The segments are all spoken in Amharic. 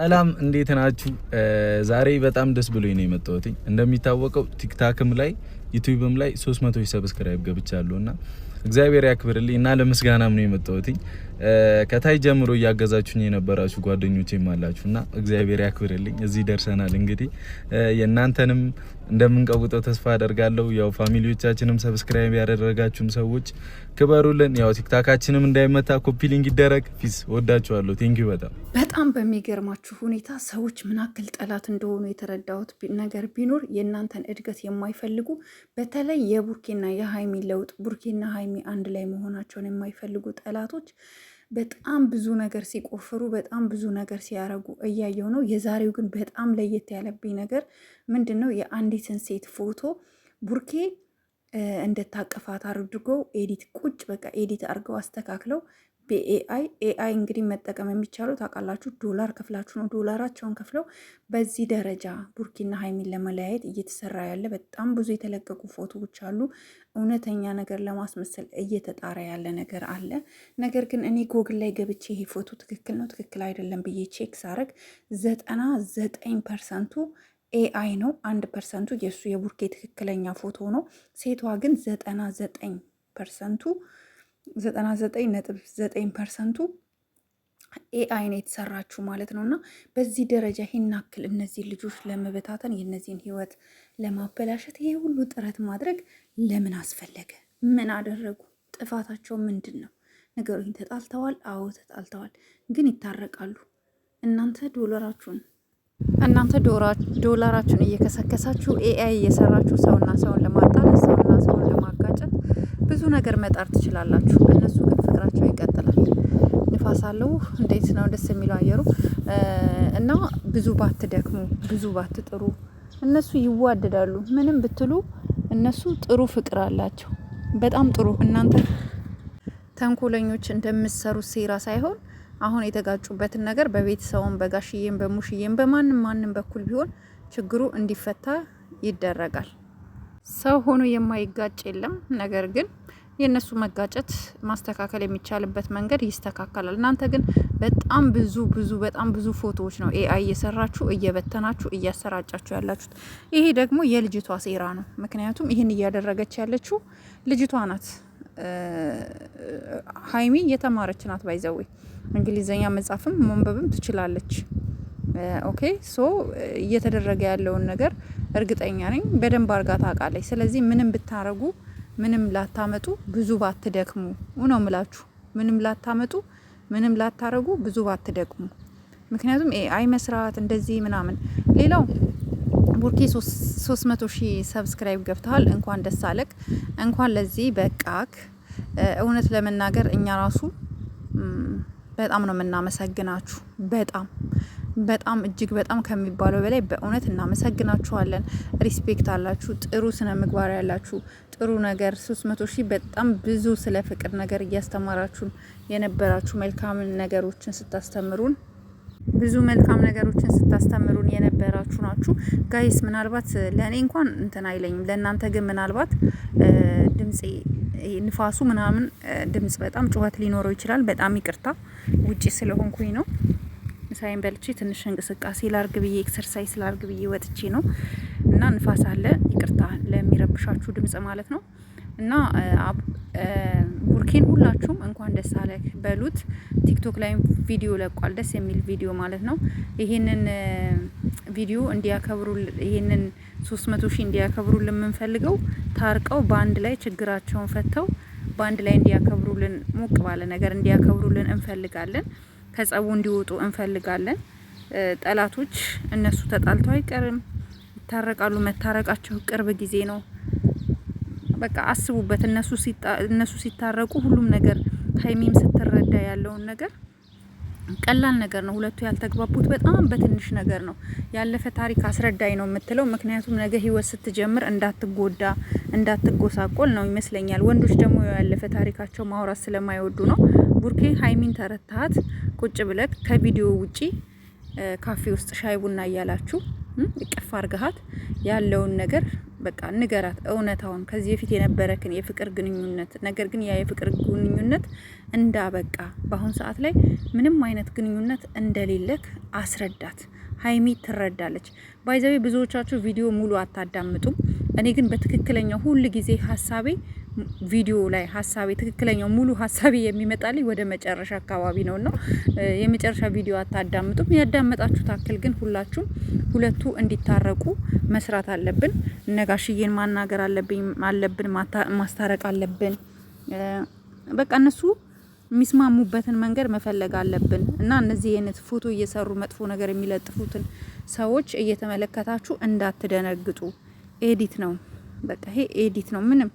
ሰላም እንዴት ናችሁ? ዛሬ በጣም ደስ ብሎኝ ነው የመጣሁት። እንደሚታወቀው ቲክታክም ላይ ዩቲዩብም ላይ 300 ሰብስክራይብ ገብቻለሁ እና እግዚአብሔር ያክብርልኝ እና ለምስጋናም ነው የመጣሁት። ከታይ ጀምሮ እያገዛችሁኝ የነበራችሁ ጓደኞቼም አላችሁ እና እግዚአብሔር ያክብርልኝ። እዚህ ደርሰናል። እንግዲህ የእናንተንም እንደምንቀውጠው ተስፋ አደርጋለሁ። ያው ፋሚሊዎቻችንም ሰብስክራይብ ያደረጋችሁም ሰዎች ክበሩልን። ያው ቲክታካችንም እንዳይመታ ሊንክ ይደረግ። ፊስ ወዳችኋለሁ። ቴንኪዩ በጣም በጣም በሚገርማችሁ ሁኔታ ሰዎች ምን አክል ጠላት እንደሆኑ የተረዳሁት ነገር ቢኖር የእናንተን እድገት የማይፈልጉ በተለይ የቡርኬና የሀይሚ ለውጥ ቡርኬና ሀይሚ አንድ ላይ መሆናቸውን የማይፈልጉ ጠላቶች በጣም ብዙ ነገር ሲቆፍሩ በጣም ብዙ ነገር ሲያረጉ እያየው ነው። የዛሬው ግን በጣም ለየት ያለብኝ ነገር ምንድን ነው? የአንዲትን ሴት ፎቶ ቡርኬ እንደታቀፋት አድርጎ ኤዲት ቁጭ በቃ ኤዲት አድርገው አስተካክለው በኤአይ ኤአይ እንግዲህ መጠቀም የሚቻሉት ታውቃላችሁ፣ ዶላር ከፍላችሁ ነው። ዶላራቸውን ከፍለው በዚህ ደረጃ ቡርኪና ሀይሚን ለመለያየት እየተሰራ ያለ በጣም ብዙ የተለቀቁ ፎቶዎች አሉ። እውነተኛ ነገር ለማስመሰል እየተጣራ ያለ ነገር አለ። ነገር ግን እኔ ጎግል ላይ ገብቼ ይሄ ፎቶ ትክክል ነው ትክክል አይደለም ብዬ ቼክ ሳረግ ዘጠና ዘጠኝ ፐርሰንቱ ኤአይ ነው። አንድ ፐርሰንቱ የእሱ የቡርኬ ትክክለኛ ፎቶ ነው። ሴቷ ግን ዘጠና ዘጠኝ ፐርሰንቱ ዘጠና ዘጠኝ ነጥብ ዘጠኝ ፐርሰንቱ ኤአይ የተሰራችው የተሰራችሁ ማለት ነው። እና በዚህ ደረጃ ይህን ያክል እነዚህ ልጆች ለመበታተን የእነዚህን ህይወት ለማበላሸት ይሄ ሁሉ ጥረት ማድረግ ለምን አስፈለገ? ምን አደረጉ? ጥፋታቸው ምንድን ነው? ነገሮች ተጣልተዋል። አዎ ተጣልተዋል፣ ግን ይታረቃሉ። እናንተ ዶላራችሁን እናንተ ዶላራችሁን እየከሰከሳችሁ ኤአይ እየሰራችሁ ሰውና ሰውን ለማጣላት ሰውና ሰውን ብዙ ነገር መጣር ትችላላችሁ። እነሱ ግን ፍቅራቸው ይቀጥላል። ንፋስ አለው። እንዴት ነው ደስ የሚለው አየሩ እና ብዙ ባትደክሙ፣ ብዙ ባትጥሩ፣ እነሱ ይዋደዳሉ። ምንም ብትሉ እነሱ ጥሩ ፍቅር አላቸው። በጣም ጥሩ እናንተ ተንኮለኞች እንደምትሰሩ ሴራ ሳይሆን አሁን የተጋጩበትን ነገር በቤተሰቡም በጋሽዬም በሙሽዬም በማንም ማንም በኩል ቢሆን ችግሩ እንዲፈታ ይደረጋል። ሰው ሆኖ የማይጋጭ የለም። ነገር ግን የእነሱ መጋጨት ማስተካከል የሚቻልበት መንገድ ይስተካከላል። እናንተ ግን በጣም ብዙ ብዙ በጣም ብዙ ፎቶዎች ነው ኤአይ እየሰራችሁ እየበተናችሁ እያሰራጫችሁ ያላችሁት። ይሄ ደግሞ የልጅቷ ሴራ ነው። ምክንያቱም ይህን እያደረገች ያለችው ልጅቷ ናት። ሀይሚ የተማረች ናት። ባይዘዌ እንግሊዝኛ መጻፍም መንበብም ትችላለች። ኦኬ ሶ እየተደረገ ያለውን ነገር እርግጠኛ ነኝ በደንብ አርጋ ታውቃለች። ስለዚህ ምንም ብታረጉ ምንም ላታመጡ ብዙ ባትደክሙ ነው ምላችሁ። ምንም ላታመጡ ምንም ላታረጉ ብዙ ባትደክሙ። ምክንያቱም አይ መስራት እንደዚህ ምናምን። ሌላው ቡርኬ ሶስት መቶ ሺህ ሰብስክራይብ ገብተሃል። እንኳን ደስ አለክ፣ እንኳን ለዚህ በቃክ። እውነት ለመናገር እኛ ራሱ በጣም ነው የምናመሰግናችሁ በጣም በጣም እጅግ በጣም ከሚባለው በላይ በእውነት እናመሰግናችኋለን። ሪስፔክት አላችሁ፣ ጥሩ ስነ ምግባር ያላችሁ ጥሩ ነገር ሶስት መቶ ሺህ በጣም ብዙ ስለ ፍቅር ነገር እያስተማራችሁን የነበራችሁ መልካም ነገሮችን ስታስተምሩን ብዙ መልካም ነገሮችን ስታስተምሩን የነበራችሁ ናችሁ ጋይስ። ምናልባት ለእኔ እንኳን እንትን አይለኝም፣ ለእናንተ ግን ምናልባት ድምፄ ንፋሱ ምናምን ድምጽ በጣም ጩኸት ሊኖረው ይችላል። በጣም ይቅርታ ውጪ ስለሆንኩኝ ነው። ምሳዬን በልቼ ትንሽ እንቅስቃሴ ላርግ ብዬ ኤክሰርሳይዝ ላርግ ብዬ ወጥቼ ነው እና ንፋስ አለ። ይቅርታ ለሚረብሻችሁ ድምጽ ማለት ነው። እና ቡርኬን ሁላችሁም እንኳን ደስ አለ በሉት። ቲክቶክ ላይ ቪዲዮ ለቋል፣ ደስ የሚል ቪዲዮ ማለት ነው። ይሄንን ቪዲዮ እንዲያከብሩ ይሄንን 300 ሺህ እንዲያከብሩልን የምንፈልገው ታርቀው በአንድ ላይ ችግራቸውን ፈተው በአንድ ላይ እንዲያከብሩልን ሞቅ ባለ ነገር እንዲያከብሩልን እንፈልጋለን። ከጸቡ እንዲወጡ እንፈልጋለን። ጠላቶች እነሱ ተጣልተው አይቀርም፣ ይታረቃሉ። መታረቃቸው ቅርብ ጊዜ ነው። በቃ አስቡበት። እነሱ ሲታረቁ ሁሉም ነገር ሀይሚም ስትረዳ ያለውን ነገር ቀላል ነገር ነው። ሁለቱ ያልተግባቡት በጣም በትንሽ ነገር ነው። ያለፈ ታሪክ አስረዳኝ ነው የምትለው። ምክንያቱም ነገ ህይወት ስትጀምር እንዳትጎዳ እንዳትጎሳቆል ነው ይመስለኛል። ወንዶች ደግሞ ያለፈ ታሪካቸው ማውራት ስለማይወዱ ነው። ቡርኬ ሀይሚን ተረታት። ቁጭ ብለክ ከቪዲዮ ውጪ ካፌ ውስጥ ሻይ ቡና እያላችሁ እቅፍ አርገሃት ያለውን ነገር በቃ ንገራት እውነታውን ከዚህ በፊት የነበረክን የፍቅር ግንኙነት ነገር ግን ያ የፍቅር ግንኙነት እንዳበቃ በአሁን ሰዓት ላይ ምንም አይነት ግንኙነት እንደሌለክ አስረዳት ሀይሚ ትረዳለች ባይዘዌ ብዙዎቻችሁ ቪዲዮ ሙሉ አታዳምጡም እኔ ግን በትክክለኛው ሁል ጊዜ ሀሳቤ ቪዲዮ ላይ ሀሳቤ ትክክለኛው ሙሉ ሀሳቤ የሚመጣልኝ ወደ መጨረሻ አካባቢ ነው እና የመጨረሻ ቪዲዮ አታዳምጡም። ያዳመጣችሁ ታክል ግን ሁላችሁም ሁለቱ እንዲታረቁ መስራት አለብን። ነጋሽዬን ማናገር አለብኝ አለብን ማስታረቅ አለብን። በቃ እነሱ የሚስማሙበትን መንገድ መፈለግ አለብን እና እነዚህ አይነት ፎቶ እየሰሩ መጥፎ ነገር የሚለጥፉትን ሰዎች እየተመለከታችሁ እንዳትደነግጡ። ኤዲት ነው በቃ ይሄ ኤዲት ነው ምንም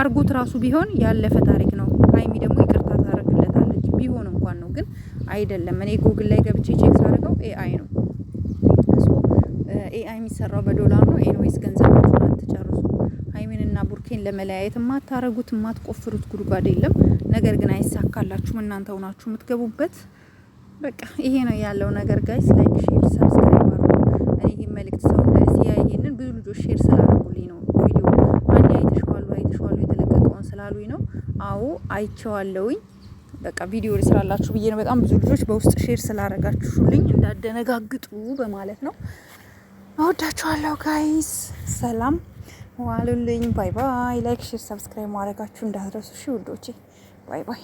አርጎት ራሱ ቢሆን ያለፈ ታሪክ ነው። ሀይሚ ደግሞ ይቅርታ ታደርግለታለች ቢሆን እንኳን ነው፣ ግን አይደለም። እኔ ጉግል ላይ ገብቼ ቼክ ሳደርገው ኤአይ ነው። ኤአይ የሚሰራው በዶላር ነው። ኤንዌይስ ገንዘባችሁን አትጨርሱ። ሀይሚንና ቡርኬን ለመለያየት የማታረጉት የማትቆፍሩት ጉድጓድ የለም። ነገር ግን አይሳካላችሁም። እናንተ ሆናችሁ የምትገቡበት በቃ ይሄ ነው ያለው ነገር። ጋይስ ላይክ፣ ሼር፣ ሰብስክራይብ አድርጉ። እኔ ይህን መልእክት ሰው እንዳይስ ያ ይሄንን ብዙ ልጆች ሼር አዎ አይቼዋለሁኝ። በቃ ቪዲዮ ስላላችሁ ብዬ ነው። በጣም ብዙ ልጆች በውስጥ ሼር ስላረጋችሁልኝ እንዳደነጋግጡ በማለት ነው። አወዳችኋለሁ ጋይስ። ሰላም ዋሉልኝ። ባይ ባይ። ላይክ፣ ሼር፣ ሰብስክራይብ ማድረጋችሁ እንዳትረሱ። እሺ ውዶቼ፣ ባይ ባይ።